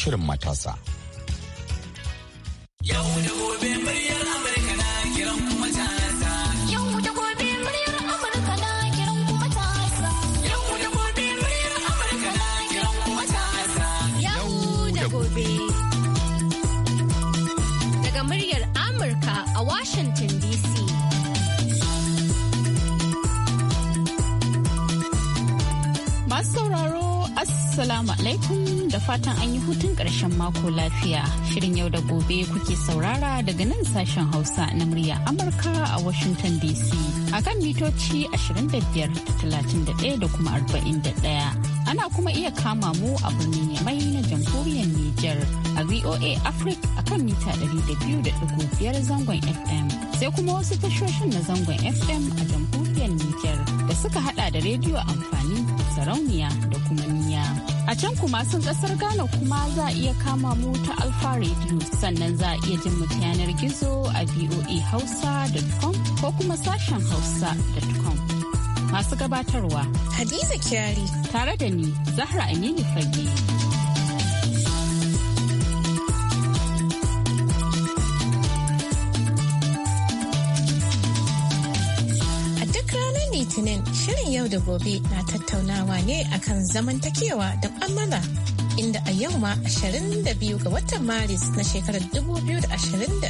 shirin matasa. Yau da gobe murya. Assalamu alaikum da fatan an yi hutun ƙarshen mako lafiya. Shirin yau da gobe kuke saurara daga nan sashen Hausa na murya Amurka a Washington DC. A kan mitoci 25,31 da kuma 41. Ana kuma iya kama mu a birnin Yamai na jamhuriyar Nijar a VOA Africa a kan mita 200.5 zangon FM. Sai kuma wasu tashoshin na zangon FM a jamhuriyar Nijar da suka hada da rediyo amfani sarauniya da kuma niya. A can kuma sun kasar Ghana kuma za a iya kama mu ta Alfa Radio sannan za a iya jin mu yanar gizo a voahausa.com ko kuma sashen hausa.com. Masu gabatarwa. Hadiza Kyari. Tare da ni, Zahra Aminu Fage. yau da gobe na tattaunawa ne akan zamantakewa da kwamala inda a yau ma 22 ga watan Maris na shekarar 2021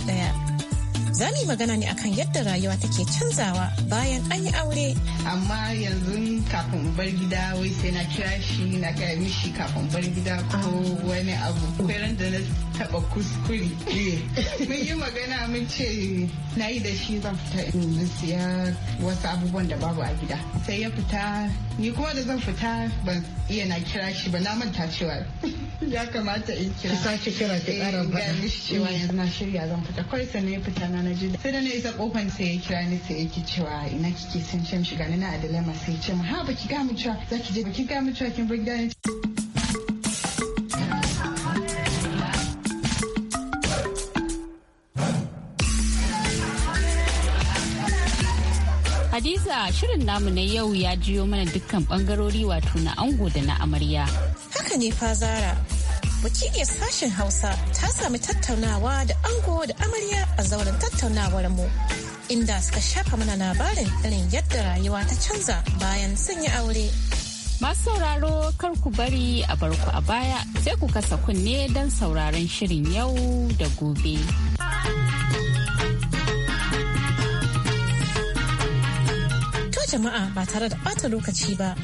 za mu yi magana ne akan yadda rayuwa take canzawa bayan an yi aure. Amma yanzu kullum kafin bar gida wai sai na kira shi na gaya mishi kafin bar gida ko ah. wani abu kwaran da na taba kuskure eh, mun yi magana mun ce na yi da shi zan fita in siya wasu abubuwan da babu a gida sai ya fita ni kuma da zan fita ban iya na kira shi ba na manta cewa ya kamata in kira sake kira ki kara eh, ba ga mishi cewa mm. yanzu na shirya zan fita kai sai na fita na na naji sai da na isa kofan sai ya kira ni sai yake cewa ina kike san shan shiga ni na a dilema sai ce mu Hadiza shirin namu na yau ya jiyo mana dukkan bangarori wato na ango da na amarya. Haka ne fa zara. Wakiliyar sashen Hausa ta sami tattaunawa da ango da amarya a zauren tattaunawar mu. inda suka shafa mana labarin irin yadda rayuwa ta canza bayan sun yi aure. Masu sauraro kar ku bari a barku a baya sai ku kasa kunne don sauraron shirin yau da gobe. To jama'a ba tare da bata lokaci ba.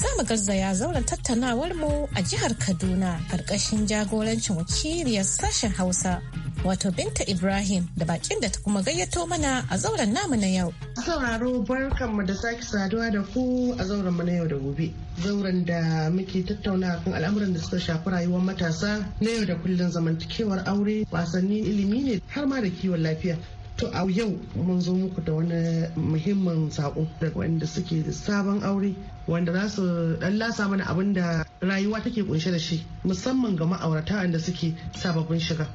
za mu garzaya zauren tattaunawar mu a jihar Kaduna karkashin jagorancin wakiliyar sashen Hausa wato Binta Ibrahim da bakin da ta kuma gayyato mana a zauren namu na yau. A Sauraro barkanmu da sake saduwa da ku a zauren mu na yau da gobe. Zauren da muke tattauna kan al'amuran da suka shafi rayuwar matasa na yau da kullum zamantakewar aure, wasanni, ilimi ne har ma da kiwon lafiya. To a yau mun zo muku da wani muhimmin sako daga wanda suke da sabon aure wanda za su dan lasa mana abin da rayuwa take kunshe da shi musamman ga ma'aurata wanda suke sababbin shiga.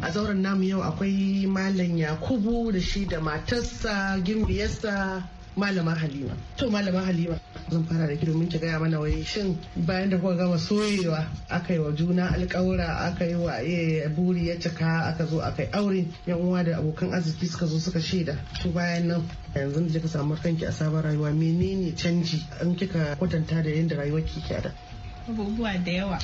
a zauren namu yau akwai malam yakubu da shi da matarsa gimbiyarsa malama halima to malama halima zan fara da ki domin ki gaya mana wai shin bayan da kuka gama soyewa aka yi wa juna alƙawura aka yi wa eh, buri ya cika aka zo aka yi aure yan uwa da abokan arziki suka zo suka shaida to bayan nan yanzu da kika samu kanki a sabon rayuwa menene canji in kika kwatanta da yadda rayuwar ki da abubuwa da yawa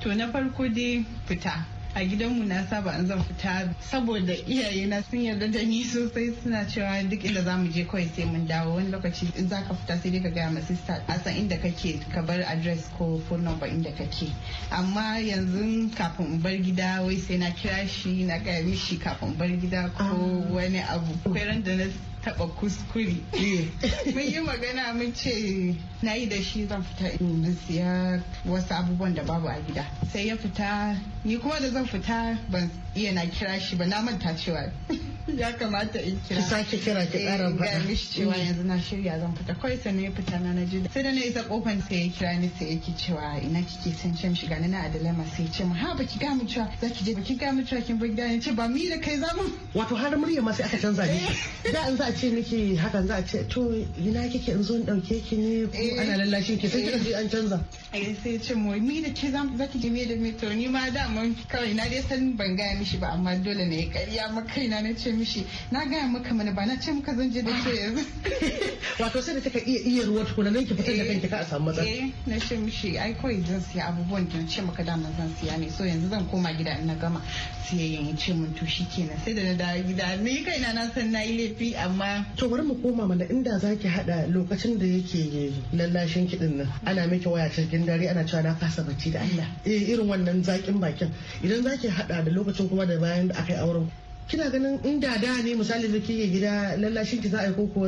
to na farko dai fita a gidanmu na saba an zan fita saboda iyaye na sun yarda da ni sosai suna cewa duk inda zamu je kawai sai mun dawo wani lokaci in zaka fita sai dai ka gaya ma sista a san inda kake ka bar adres ko phone number inda kake amma yanzu kafin in bar gida wai sai na kira shi na gaya mishi kafin bar gida ko ah. wani abu akwai da na taba kuskuri. Eh. mun yi magana mun ce na yi da shi zan fita in siya wasu abubuwan da babu a gida sai ya fita ni kuma da zan fita ban iya na kira shi ba na manta cewa ya kamata in kira ki sake kira ki kara ba ga mishi cewa mm. yanzu na shirya zan fita kawai sai na fita na na ji sai da na isa kofan sai ya kira ni sai yake cewa ina kike san cin shiga ni na a dilema sai ce mu ha baki ga mu cewa za ki je baki ga mu cewa kin bi gida ce ba mi da kai zamu wato har murya ma sai aka canza ne eh. da an za ce niki hakan za a ce to ina kike in zo in dauke ki ne ko eh. ana lallashin ki sai kika eh. an canza ai sai ce mu mi da ke zan zaki je me da me to ni ma da mun kawai na dai san ban gaya mishi ba amma dole ne kariya ma kaina na ce mishi na gaya maka mana ba na ce muka zan je da ke yanzu wato sai da take iya iya ruwa tukuna nan ki fitar da eh. kanki ka a samu matsala eh na ce mishi ai koi zan siya abubuwan da ce maka da zan siya ne so yanzu zan koma gida in na gama siyayyen ya ce mun to shikenan sai da na dawo gida ni kaina na san na yi laifi amma ma to bari mu koma mana inda zaki haɗa lokacin da yake lallashin kiɗin nan ana miki waya cikin dare ana cewa na kasa bacci da Allah eh irin wannan zakin bakin idan zaki hada da lokacin kuma da bayan da akai auren kina ganin inda da ne misali da kike gida lallashin ki za a yi ko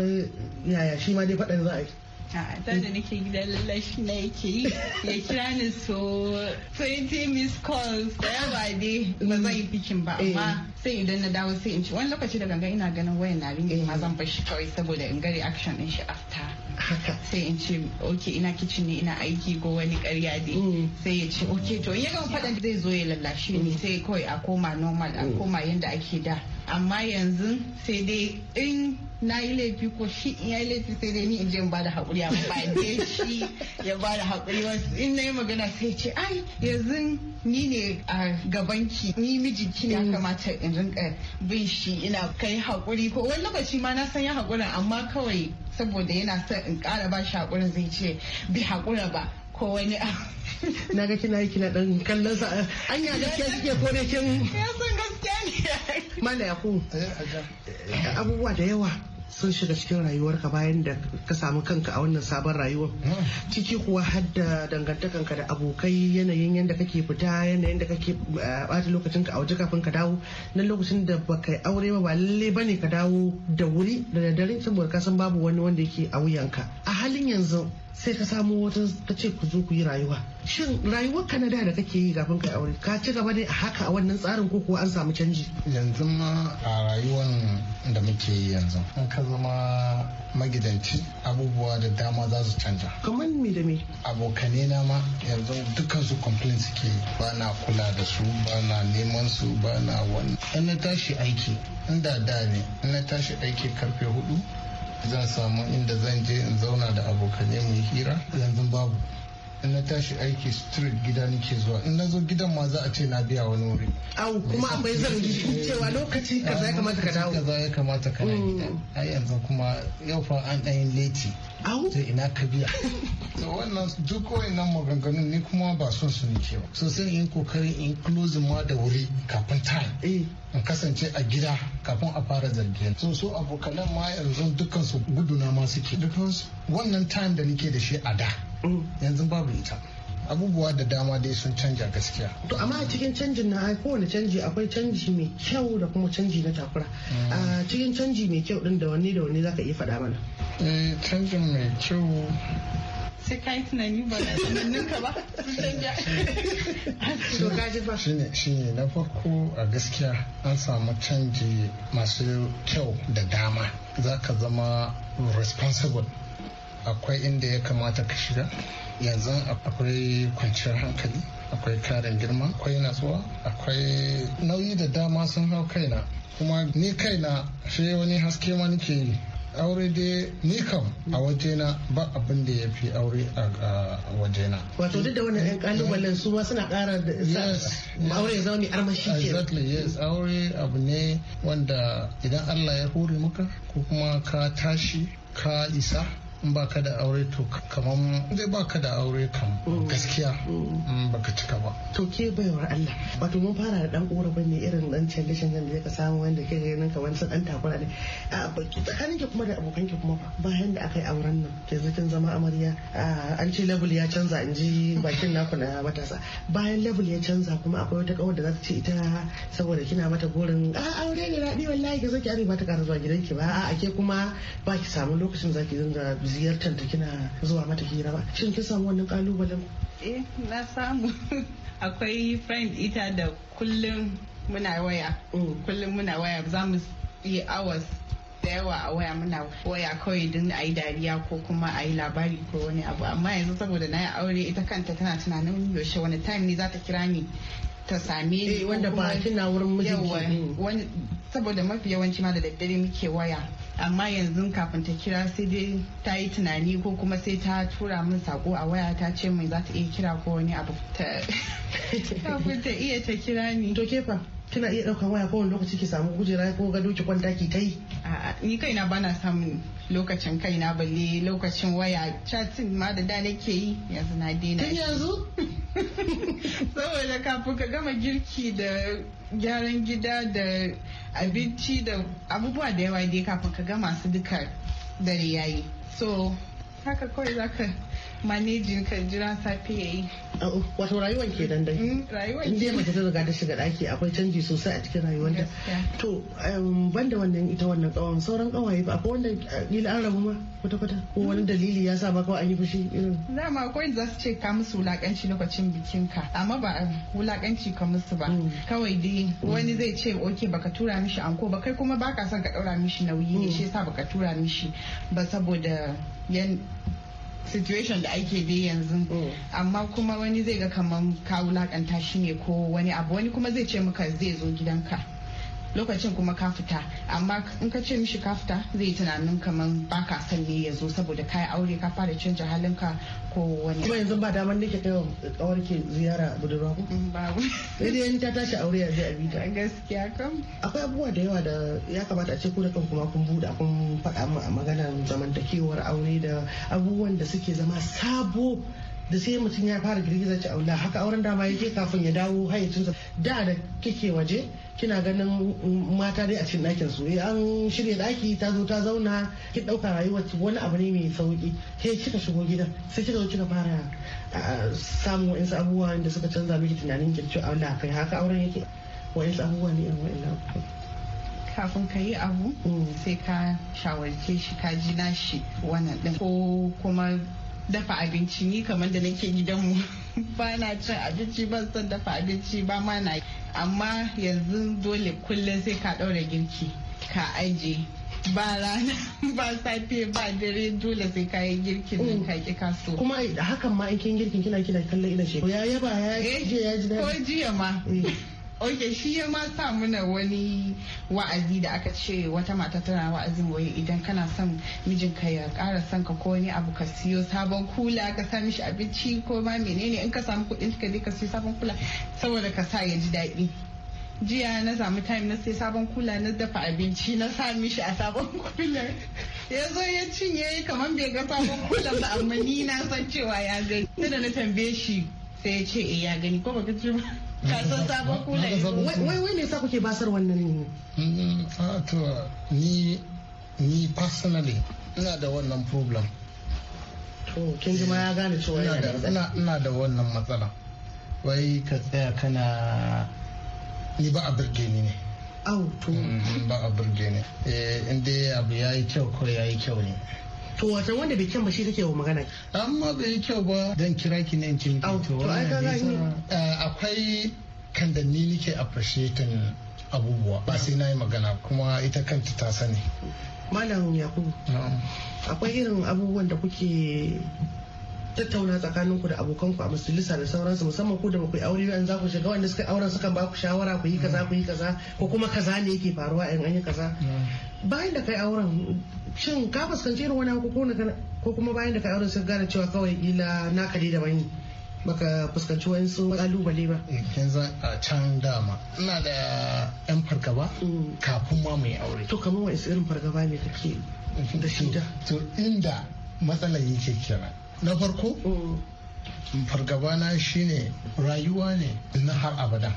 yaya shi ma dai faɗan za a yi a da nake gida lallashi na yake yi ya kira ni so da yawa dai ba zan yi bikin ba eh. amma sai idan na dawo sai in wani lokaci da ganga ina ganin wayan na ringa ma zan bar shi kawai saboda in ga reaction din shi after sai in ce ok ina kicin ne ina aiki ko wani karya dai mm. sai ya ce ok to in ya gama faɗan zai zo ya lallashi ne mm. sai kawai a koma nomal a mm. koma yadda ake da amma yanzu sai dai in na yi laifi ko shi in ya yi laifi sai dai ni in je in bada haƙuri a ba shi ya bada haƙuri wasu in na yi magana sai ce ai yanzu ni ne a gabanki ni mijinki ya kamata in rinka bin shi ina kai haƙuri ko wani lokaci ma na san ya haƙurin amma kawai saboda yana son in ƙara ba shi haƙurin zai ce bi haƙura ba ko wani abu na ga kina yi kina dan kallon sa anya gaskiya ke ko ne kin ya san gaskiya ne mala ku. Eh, abubuwa da yawa sun shiga cikin rayuwarka bayan da ka samu kanka a wannan sabon rayuwar hmm. ciki kuwa har dangantakanka da abokai yanayin yadda kake fita yanayin da kake bata eh, lokacin ka a kafin ka dawo na lokacin da baka yi aure ba ba lalle bane ka dawo da wuri da daddare saboda ka san babu wani wanda yake a wuyanka a halin yanzu sai ka samu wata ta ce ku zo ku yi rayuwa shin rayuwar ka na da da kake yi kafin kai aure ka ci gaba ne a haka a wannan tsarin ko kuwa an samu canji yanzu ma a rayuwan da muke yi yanzu An ka zama magidanci abubuwa da dama za su canja kamar me da me abokane na ma yanzu dukkan su complain suke ba na kula da su ba na neman su ba na wani in tashi aiki inda da ne in tashi aiki karfe hudu zan samu inda zan je in zauna da abokanai mu yi hira yanzu babu in na tashi aiki street gida nake zuwa in na zo gidan ma za a ce na biya wani wuri au kuma akwai zargi cewa lokaci kaza ya eh, kamata ka dawo kaza ya kamata ka na gida mm. ai yanzu kuma yau fa an yin leti au to ina ka biya to wannan duk wayannan maganganun ni kuma ba son su nake ba so sai in kokari in close ma da wuri kafin time eh. in kasance a gida kafin a fara zargin so so abokanan ma yanzu dukkan su guduna ma suke wannan time da nake da shi a da yanzu babu ita abubuwa da dama dai sun canja gaskiya. To amma a cikin canjin na kowane canji akwai canji mai kyau da kuma canji na takura. A cikin canji mai kyau din da wanne da wanne zaka iya faɗa mana? Eh canjin mai kyau sai ka yi tunani ba da ka ba to kaji ba shi ne na farko a gaskiya an samu canji masu kyau da dama zaka zama responsible akwai inda ya kamata ka shiga yanzu akwai kwanciyar hankali akwai karin girma akwai natsuwa akwai nauyi da dama sun hau kaina kuma ni kaina shi wani haske ma nake yi aure dai ni kam a wajena ba abin da ya fi aure a wajena. Wato duk da wannan yan kalubalen su suna ƙara da aure zaune zama mai armashi ke. Exactly yes aure abu ne wanda idan Allah ya hore maka ko kuma ka tashi ka isa in baka da aure to kaman dai baka da aure kan gaskiya baka cika ba to ke baiwar Allah wato mun fara da dan korafin ne irin dan canje-canjen da ka samu wanda ke ganin wani san dan takura ne a tsakanin ki kuma da abokan ki kuma bayan da aka yi auren nan ke zakin zama amarya an ce level ya canza in ji bakin naku na matasa bayan level ya canza kuma akwai wata kawar da za ta ce ita saboda kina mata gorin a aure ne daɗi wallahi ka zo ki ari ba ta ƙara zuwa gidanki ba a ke kuma ba ki samu lokacin zaki ki ziyartar da kina zuwa mata hira ba shin kin samu wannan kalubalen eh na samu akwai friend ita da kullum muna waya mm. kullum muna waya za mu yi hours da yawa a waya muna waya kawai don a yi dariya ko kuma a yi labari ko wani abu amma yanzu saboda na yi aure ita kanta tana tunanin yaushe wani time ne za ta kira ni ta same ni eh, wanda ba kina wurin mijin saboda mafi yawanci ma da daddare muke waya amma yanzu kafin ta kira sai dai ta yi tunani ko kuma sai ta tura min sako a waya ta ce mai za ta iya kira ko wani abu ta kafin ta iya ta kira ni to kefa kina iya ɗaukan waya kowane lokaci ki samu kujera ko gado ki kwanta ki ta yi ni kaina bana samun lokacin kaina balle lokacin waya chatting ma da da nake yi yanzu na daina tun yanzu saboda kafin ka gama girki da gyaran gida da abinci da abubuwa da yawa dai kafin ka gama su duka dare yayi so haka kawai zaka manejin kan jira safe yi. Oh, wato rayuwar ke dan dai mm, rayuwar ke mace ta riga ta shiga daki akwai canji sosai a cikin rayuwarta to banda wannan ita wannan kawon sauran kawaye ba akwai wanda kila an rabu ma kwata kwata ko wani mm. dalili ya sa ba kawai an yi fushi irin ma akwai za su ce ka musu wulakanci lokacin bikin ka amma ba wulakanci ka musu ba mm. kawai dai wani zai ce oke baka tura mishi anko ba kai kuma baka son ka daura mishi nauyi ne shi yasa baka tura mishi ba saboda situation da ake bi yanzu mm. amma kuma wani zai ga kamar ka wulakanta shi ne ko wani abu wani kuma zai ce maka zai zo gidanka lokacin kuma ka fita amma in ka ce mishi ka fita zai yi tunanin kamar baka ka son ya zo saboda yi aure ka fara canja halinka ko wani kuma yanzu ba daman nake kai kawar ke ziyara budurwa ko mm, ba sai dai ta tashi aure yanzu a gaskiya kam akwai abubuwa da yawa da ya kamata a ce ku da kan kuma kun buɗa kun faɗa mu a maganar zamantakewar aure da abubuwan da suke zama sabo da sai mutum ya fara girgiza ci aula haka auren dama yake kafin ya dawo hayyacinsa da da kike waje kina ganin mata dai a cikin ɗakin su eh, an shirya daki ta zo ta zauna ki ɗauka rayuwar wani abu ne mai sauki ke kika shigo gidan sai kika zo kika fara samun wa'insu abubuwa da suka canza miki tunanin ki ci aula kai haka auren yake wa'insu abubuwa ne irin kafin ka yi abu mm. sai ka shawarce shi ka ji nashi wannan din ko kuma dafa abinci ni kamar da nake gidanmu ba na cin abinci ban son dafa abinci ba ma na amma yanzu dole kullum sai ka ɗaura girki ka aje ba rana ba safe ba dare dole sai ka yi girkin nan ka ki kaso kuma hakan ma in kin girkin kina kina kallon ina shi ya yaba ya eh, ji ya ji ko jiya ma eh. ok shi ya ma sa muna wani wa'azi da aka ce wata mata tana wa'azin wai idan kana son mijinka ya kara son ka ko wani abu ka siyo sabon kula ka sa mishi abinci ko ma menene in ka samu kudin ka je ka siyo sabon kula saboda ka sa ya ji daɗi jiya na samu time na sai sabon kula na dafa abinci na sa mishi a sabon kula ya zo ya cinye kamar bai ga sabon kula ba amma ni na san cewa ya gani tunda na tambaye shi sai ya ce eh, ya gani ko ba ka ce ba kasan sabon kula wai wai me sa kuke basar wannan ne mm, ah, to ni ni personally ina da wannan problem kin ji ma ya gane cewa ina da wannan matsala wai ka tsaya kana ni ba a birge ni ne au to mm, ba a birge ni eh inda abu yayi kyau ko yayi kyau ne to wata wanda bai kyan ba shi kake wa magana amma bai yi kyau ba dan kira ki ne cin eh, akwai kandanni nike appreciating abubuwa ba sai na yi magana kuma ita kanta ta sani malam yakubu akwai irin abubuwan da kuke tattauna tsakanin ku da abokan ku a majalisa da sauransu musamman ku da ba ku aure ba in za ku shiga wanda suka auren suka ba ku shawara ku yi kaza ku yi kaza ko kuma kaza ne yake faruwa in an yi kaza bayan da kai auren shin ka fuskanci irin wani abu ko kuma bayan da kai auren sun gane cewa kawai kila naka dai da bani baka fuskanci wasu kalubale ba. yanzu eh, a can dama ina da yan fargaba mm. kafin ma mai aure. to kamar wa irin fargaba ne kake da shida da. to inda matsalar yake kenan na farko fargaba na shine rayuwa ne na har abada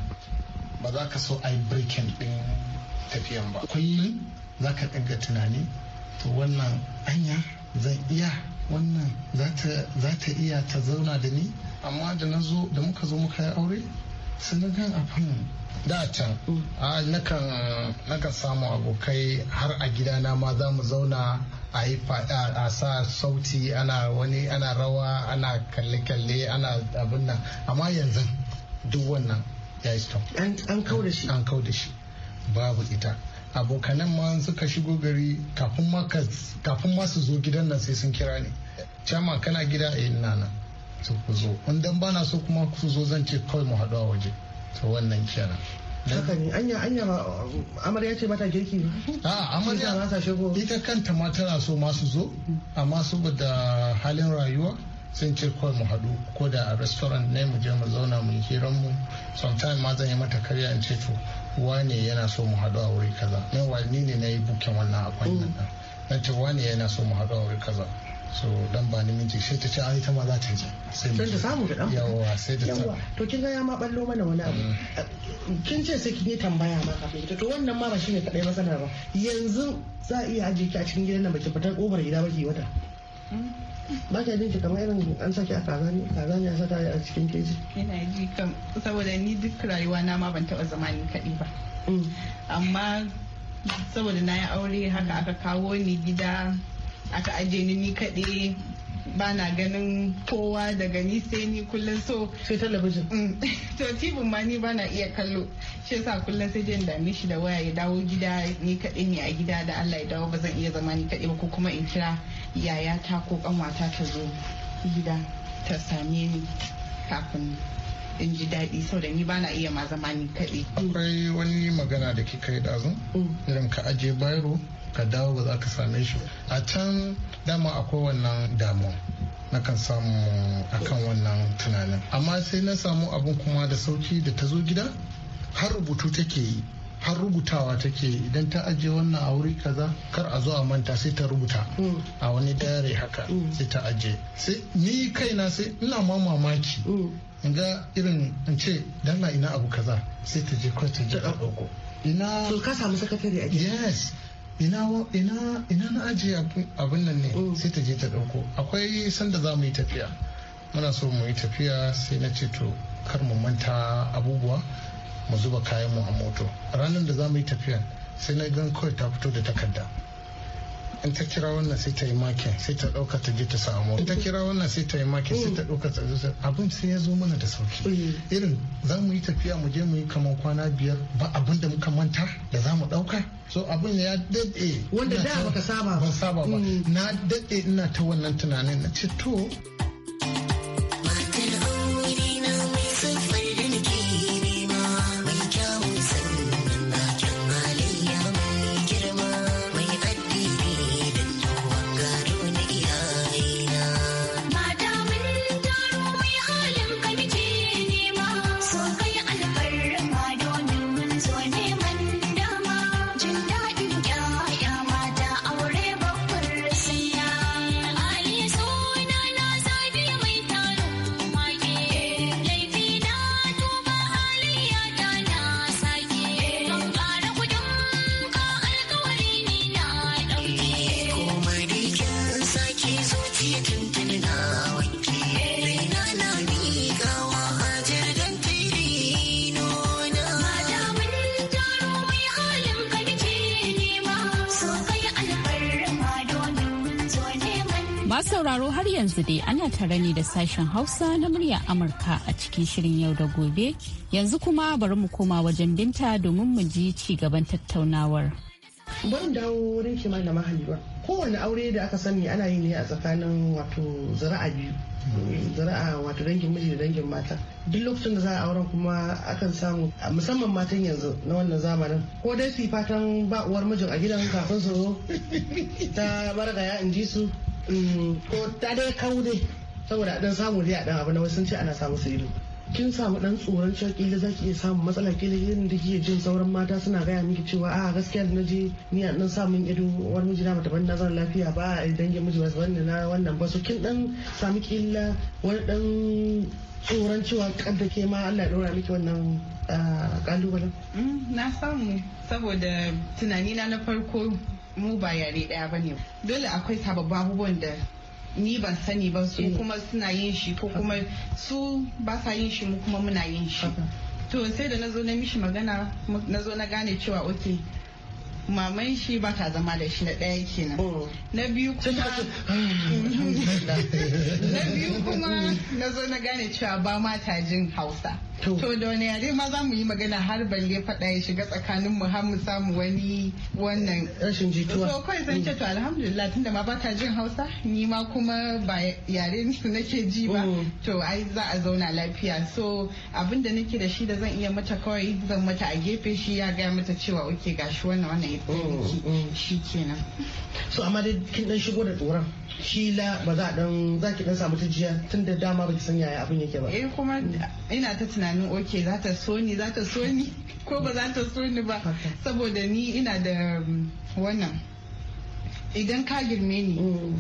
ba za ka so a yi birkin ɗin tafiyan ba kullum za ka ɗaga tunani to wannan anya zan iya wannan za ta iya ta zauna da ni amma da na zo da muka zo muka yi aure sun gan abin da can nakan samu abokai har a gidana ma za mu zauna a yi a sa sauti ana wani ana rawa ana kalle-kalle ana abin nan amma yanzu duk wannan ya yi stop an kawo da shi an kawo da shi babu ita abokanan ma suka shigo gari kafin ma su zo gidan nan sai sun kira ne cama kana gida a eh, yin nana su ku zo in dan bana so kuma su zo zan ce kawai mu haɗu a waje to wannan kera. Hakan yi anya anya amarya ce mata girki a amarya ita kanta ma tana so ma su zo amma saboda halin rayuwa sun ce kawai mu haɗu ko da a restaurant ne mu je mu zauna mu yi mu sometimes ma zan yi mata karya in ce to wane yana so mu haɗu a wuri kaza meanwhile wani ne na yi bukin wannan nan. na ce wane yana so mu haɗu a wuri kaza so dan ba ni minti sai ta ce ai ta ma za ta je sai ta samu da dan yawa sai ta yawa to kin ga ya ma ballo mana wani abu mm. kin ce sai kin yi tambaya ma kafin to wannan ma ba shine kadai matsalar ba yanzu za a iya ajiye ki a cikin gidan nan baki fitar kofar gida ba ki wata mm. ba ta jin kamar irin an saki a kazani ne a saka a cikin keji yana ji kam saboda ni duk rayuwa na ma ban taba zama ni ba mm. amma saboda na yi aure haka aka kawo ni gida aka ajiye ni ni kaɗe ba na ganin kowa daga ni sai ni kullum so sai talabijin mm. to tibin ma ni ba na iya kallo shi yasa kullum sai jin dame shi da waya ya dawo gida ni kaɗe ne a gida da Allah ya dawo ba zan iya zama ni kaɗe ba ko kuma in kira yayata ko kanwata ta zo gida ta same ni kafin in ji daɗi sau da ni ba na iya ma zama ni kaɗe. Akwai wani magana da kika yi ɗazun? Mm. Irin ka aje bayro ka dawo ba za ka same shi a can dama akwai wannan damuwa na kan samu akan wannan tunanin amma sai na samu abin kuma da sauki da ta zo gida har rubutu take yi har rubutawa take idan ta ajiye wannan a wuri kaza kar a zo a manta sai ta rubuta mm. a wani dare haka mm. sai ta ajiye sai ni kaina sai ina ma mamaki mm. in ga irin in ce na ina abu kaza sai ta je kawai ta je ina so ka samu sakatare a yes ina na ajiye abin nan ne mm. sai ta je ta ɗauko akwai sanda za mu yi tafiya muna so mu yi tafiya sai na ce to kar mu manta abubuwa mu zuba kayan mu a moto ranar da za mu yi tafiyan sai na gan kawai ta fito da takarda in ta kira wannan sai ta yi makin sai ta ɗauka ta je ta samu ta kira wannan sai ta yi makin sai ta ɗauka ta zuwa abin sai ya zo mana da sauki mm. irin za mu yi tafiya mu je mu yi kamar kwana biyar ba abin da muka manta da za mu ɗauka so abin ya daɗe wanda da baka saba ba saba ba mm. na daɗe ina ta wannan tunanin na ce to yanzu dai ana tare ne da sashen Hausa na murya Amurka a cikin shirin yau da gobe. Yanzu kuma bari mu koma wajen binta domin mu ji ci gaban tattaunawar. Bari dawo wurin ki mahali ba Kowane aure da aka sani ana yi ne a tsakanin wato zira'a biyu. Zira'a wato dangin miji da dangin mata. Duk lokacin da za a auren kuma akan samu musamman matan yanzu na wannan zamanin. Ko dai su fatan ba uwar mijin a gidan kafin su zo ta gaya in ji su ko ta dai kawo dai saboda dan samu dai a dan abu na wasu ce ana samu su ido kin samu dan tsoron cewa kila zaki iya samun matsala kila yin da kike jin sauran mata suna gaya miki cewa a gaskiya da naje ni a dan samun ido wani miji na mata banda zan lafiya ba a dangin miji ba wannan na wannan ba so kin dan samu kila wani dan tsoron cewa kadda ke ma Allah ya dora miki wannan ah, kalubalen mm, na samu saboda tunani na na farko mu ba yare daya ba ne dole akwai sababbin abubuwan da ni ban sani ba su eh. kuma suna yin shi ko kuma su ba sa yin shi mu kuma muna yin shi to sai da na zo na mishi magana na zo na gane cewa oke maman shi ba ta zama da shi na ɗaya kenan oh. na biyu kuma ah, na biyu kuma na zo na gane cewa ba ma ta jin hausa to da wani yare ma za mu yi magana har balle faɗa ya shiga tsakanin mu har mu samu wani wannan rashin jituwa to kai zan ce to alhamdulillah tunda ma ba ta jin hausa ni ma kuma ba yare su nake ji ba oh. to ai za a zauna lafiya so abinda nake da shi da zan iya mata kawai zan mata a gefe shi ya gaya mata cewa oke gashi wannan wannan ya shi kenan so amma dai kin dan shigo da tsoron shila ba za dan za ki dan samu jiya tun da dama ba ki san yaya abin yake ba eh kuma ina ta tunanin ok za ta so ni za ta so ni ko ba za ta so ni ba saboda ni ina da mm, wannan idan ka girme ni mm.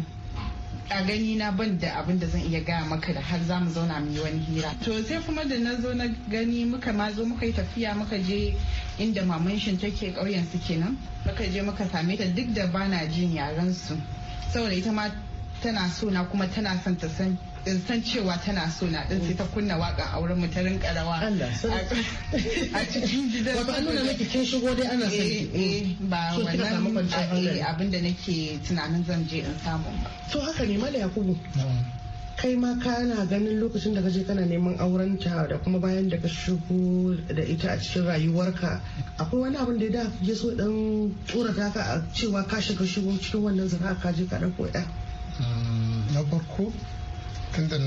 a gani na ban da abin da zan iya gaya maka da har zamu zauna mu yi wani hira to sai kuma da na zo na gani muka ma zo muka yi tafiya muka je inda mamanshin shin take ƙauyen su kenan muka je muka same ta duk da bana jin yaren su saboda ita ma tana so na kuma tana son ta san din san cewa tana so na din sai ta kunna waka a wurin mu ta rinka rawa a cikin gidan wato an nuna miki kin shigo dai ana son ki eh, eh, mm. ba wannan eh, abin da nake tunanin zan je in samu to haka ne mala yakubu kai ma kana ganin lokacin da kaje kana neman aurenta da kuma bayan da ka shigo da ita a cikin rayuwarka akwai wani abin da da ya so dan ta ka a cewa ka shiga shigo cikin wannan zara ka je ka dan koya na farko da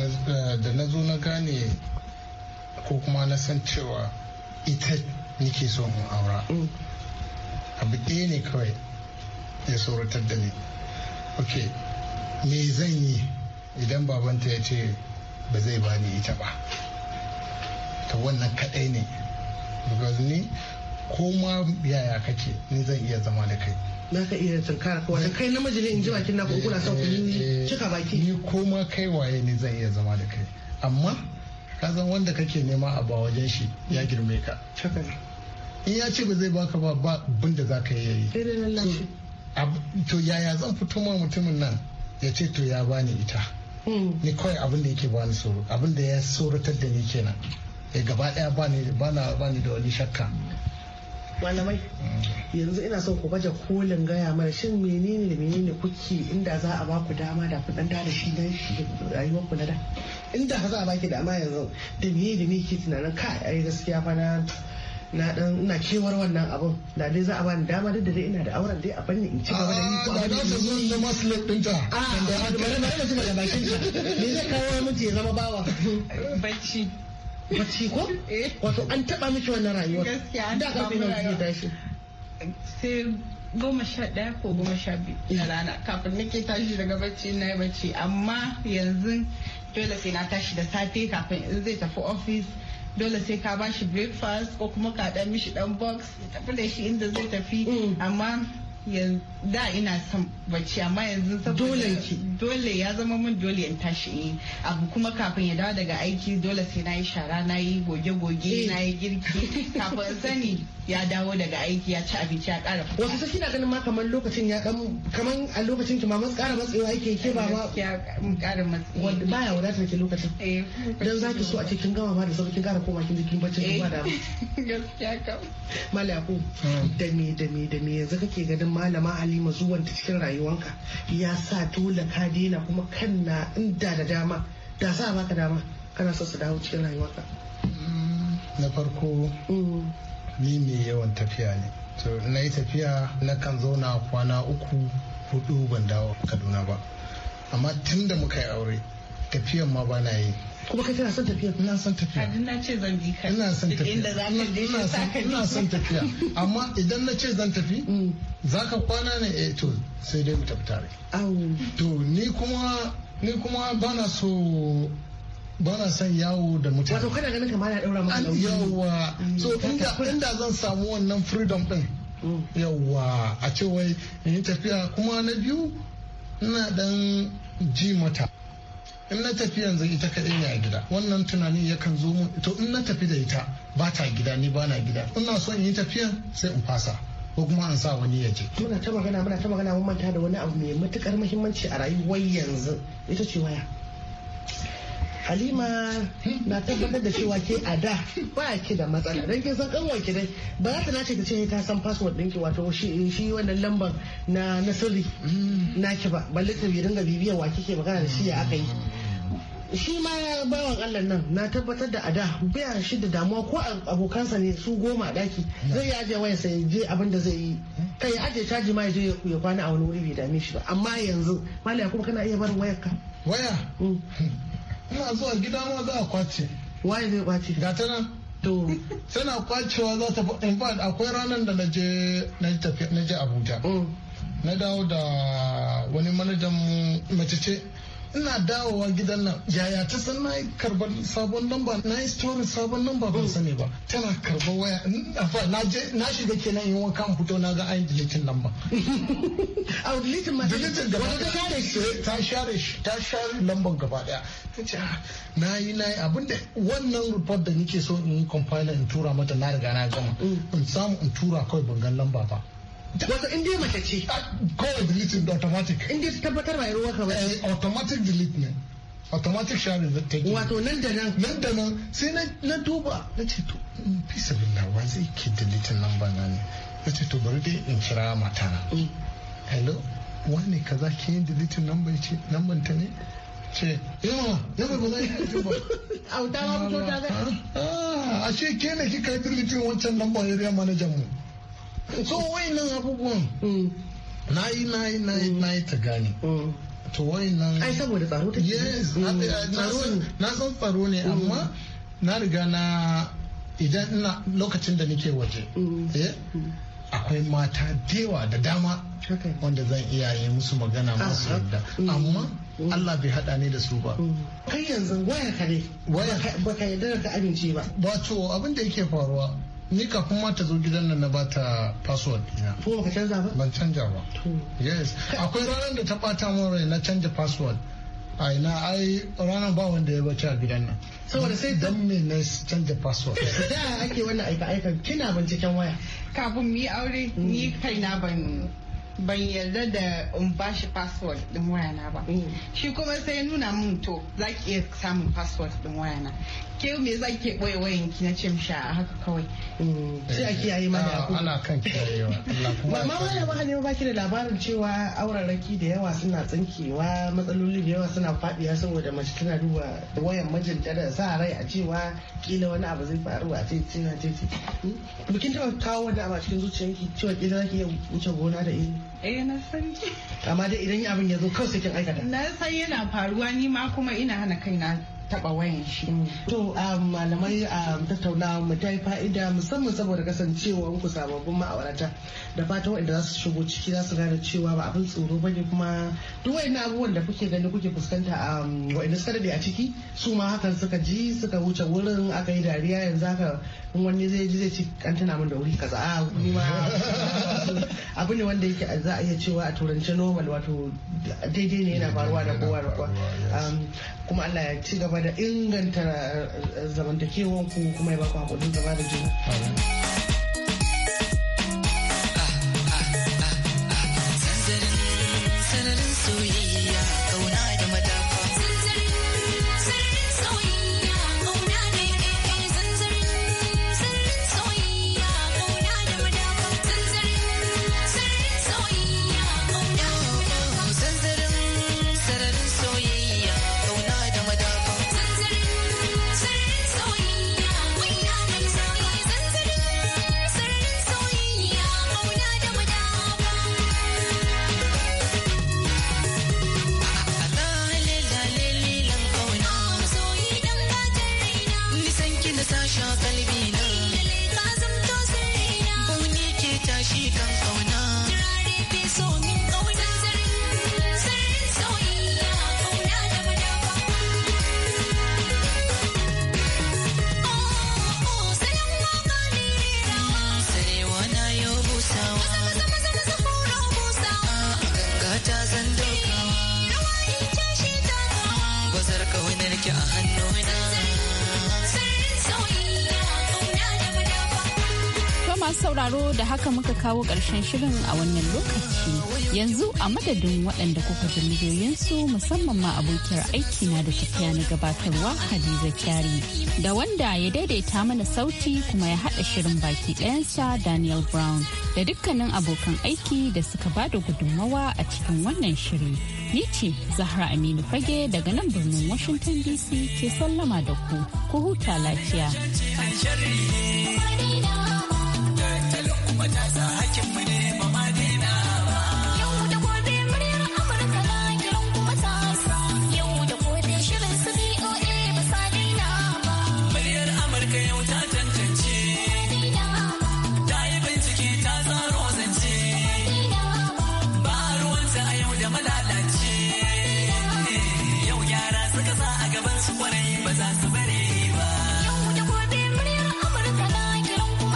na zo na gane ko kuma na san cewa ita nike so in aura mm. abu ɗaya ne kawai ya sauratar da ni ok me zan yi idan babanta ya ce ba zai bani ita ba ta wannan kaɗai ne because ni ko ma yaya kake ni zan iya zama da kai na ka iya tunkara ko wajen kai namiji ne in ji bakin naku kuna son ku cika baki ni ko ma kai waye ne zan iya zama da kai amma ka san wanda kake nema a ba wajen shi ya girme ka in ya ce ba zai baka ba ba abin da za ka yi to yaya zan fito ma mutumin nan ya ce to ya bani ita hmm. ni kawai abin da yake bani tsoro abin da ya soratar da ni kenan eh, gaba daya bani da wani shakka malamai yanzu ina son ku baje kolin gaya mana shin menene ne menene kuke inda za a baku dama da ku dan da shi dan rayuwar ku na da inda za a baki dama yanzu da me da me ke tunanin ka ai gaskiya fa na na dan ina kewar wannan abun da dai za a bani dama duk da dai ina da auren dai a banni in ci gaba da yi. ko da ta zo ne maslin dinta a da ba ne ba ne ci gaba da bakin ta me zai kawo miji ya zama bawa bacci bacci ko eh. wato an taɓa miki wannan rayuwar da ka fi nan tashi sai goma sha ɗaya ko goma sha biyu na eh. rana kafin nake tashi daga bacci na yi bacci amma yanzu dole sai na tashi da safe kafin in zai tafi ofis dole sai ka bashi breakfast ko kuma ka dan mishi dan box tafi da shi inda zai tafi mm. amma da ina son bacci amma yanzu dole dole ya zama min dole in tashi in abu kuma kafin ya dawo daga aiki dole sai na yi shara na yi goge-goge eh. na yi girki kafin sani ya dawo daga aiki ya ci abinci ya kara wasu sai kina ganin ma kamar lokacin ya dan kamar a lokacin ki ma mas kara matsayi yake ke ba ma ya kara matsewa baya wadatar ki lokacin eh dan zaki so a ce kin gama ma da sauki kin kara koma kin jikin bacci ba eh. da gaskiya kam malaku hmm. da me da me da me yanzu kake ganin bayanin malama halima zuwan ta cikin rayuwanka ya sa dole ka daina kuma kan na inda da dama da sa baka dama kana so su dawo cikin rayuwanka. na farko ni mai yawan tafiya ne to na yi tafiya na kan zauna kwana uku hudu ban dawo kaduna ba amma tun da muka yi aure tafiyan ma ba na yi kuma kai kana son tafiya ina son tafiya na ce zan bi ka ina son tafiya ina son tafiya amma idan na ce zan tafi mm. za ka kwana ne eh to sai dai mu tafi tare to ni kuma ni kuma bana so ba na son yawo da mutane. Wato kana ganin kamar ya daura maka lauyi. yawa mm. So inda inda zan samu wannan freedom din. Mm. yawa a ce wai in tafiya kuma na biyu ina dan ji mata. in na tafi yanzu ita kaɗai ne a gida wannan tunanin yakan zo mun to in na tafi da ita ba ta gida ni ba na gida In na so in yi tafiya sai in fasa ko kuma an sa wani ya je. Muna ta magana muna ta magana mun manta da wani abu mai matukar muhimmanci a rayuwar yanzu ita ce waya. Halima na tabbatar da cewa ke a da ba ki da matsala don kin san kanwar ki dai ba za ta nace ta ce ta san password ɗinki wato shi shi wannan lambar na na sirri mm. naki ba balle ta dinga bibiyar wa kike magana da shi ya aka yi. shi ma ya bawan allah nan na tabbatar da ada biya shi da damuwa ko abokansa ne su goma daki zai yi ajiye wayansa ya je abin da zai yi kai ajiye caji ma ya je ya kwana a wani wuri bai dame shi ba amma yanzu malaya kuma kana iya barin wayar ka waya mm. ina zuwa gida ma za a kwace waye zai kwace ga ta nan to tana kwacewa za ta in fact akwai ranar da na je abuja mm. na dawo da wani manajan mace ce ina dawowa gidan nan yaya ta san na karban sabon lamba na yi storin sabon lamba ban mm. sani ba tana karban waya na shiga kenan yin wanka an fito na ga ayin dilitin lamba a dilitin ma dilitin gaba daya ta share ta share lamban gaba daya ta ce ah, na yi na yi abinda wannan report da nake so in compiler in tura mata na riga na gama mm. in samu in tura kawai ban gan lamba ba wato in dai mace ce ah, ana deleting da automatic in dai tabbatar ba ruwa ka ba eh, automatic delete ne automatic share da take wato nan da nan nan da nan sai na duba na ce to hmm, fisa billah wa zai ki delete number na na ce to bari dai in kira mata na mm. hello wani kaza ke yin deleting number ce number ta ne ce yawa ya ba zai ba a wuta ma fito ta zai a ce ke ne kika yi deleting wancan number area manager mu so wayannan abubuwan mm. na yi na yi na yi na yi ta gani. Mm. to wai nan ai saboda tsaro ta yes mm. na san tsaro ne mm. amma na riga na idan ina lokacin da nake waje eh, akwai mata dewa da dama wanda zan iya yi musu magana masu yadda amma Allah bai haɗa ne da su ba. Kai yanzu waya kare. Waya. Baka yarda da ka amince ba. Ba abin da yake faruwa ni kafin ma ta zo gidan nan na ba ta password dina To ka canza ba ban canja ba yes akwai ranar da ta bata min rai na canja password ai na ai ranar ba wanda ya bace a gidan nan saboda sai dan me na canja password da ake wannan aika aika kina binciken waya kafin mu yi aure mm. ni kaina ban ban yarda da in ba shi password din wayana ba mm. shi kuma sai nuna mun to za ki iya samun password din wayana ke me za ke boye wayan ki na cin sha haka kawai sai a kiyaye ma da eh, ku ana kan kiyayewa mama wala ba ne ba ki da labarin cewa auren raki da yawa suna tsinkewa matsaloli da yawa suna fadiya saboda mace tana duba wayan mijinta da sa rai a cewa kila wani abu zai faru a ce ce na ce hmm? bikin ta kawo wani abu a cikin ki cewa kila za ki iya wuce gona da iri eh na san amma dai idan abin ya zo kawai sai kin aikata na san yana faruwa ni ma kuma ina hana kaina taba wayan shi To ah, malamai a ah, tattauna mu ta yi fa'ida musamman saboda kasancewa ku sababbin ma'aurata da fata wanda za su shigo ciki za su gane cewa ba abin tsoro ba ne kuma duk wayannan abubuwan da kuke gani kuke fuskanta a ah, wayanda sarari a ciki su ma hakan suka ji suka wuce wurin aka yi dariya yanzu haka in wani zai ji zai ci an tana min da wuri kaza a ni ma abu ne wanda yake za a iya cewa a turance normal wato daidai ne yana faruwa da kowa da kowa kuma Allah ya ci gaba da inganta eh, zamantakewanku kuma ya baku hakurin gaba da jini. shirin a wannan lokaci yanzu a madadin waɗanda kuka ji miliyoyinsu musamman ma abokiyar aiki na da tafiya na gabatarwa Hadiza Kyari da wanda ya daidaita mana sauti kuma ya haɗa shirin baki ɗayansa Daniel Brown da dukkanin abokan aiki da suka ba da gudunmawa a cikin wannan shiri. Ni ce Zahra Aminu Fage daga nan birnin Washington DC ke sallama da ku, ku huta lafiya. sa hakin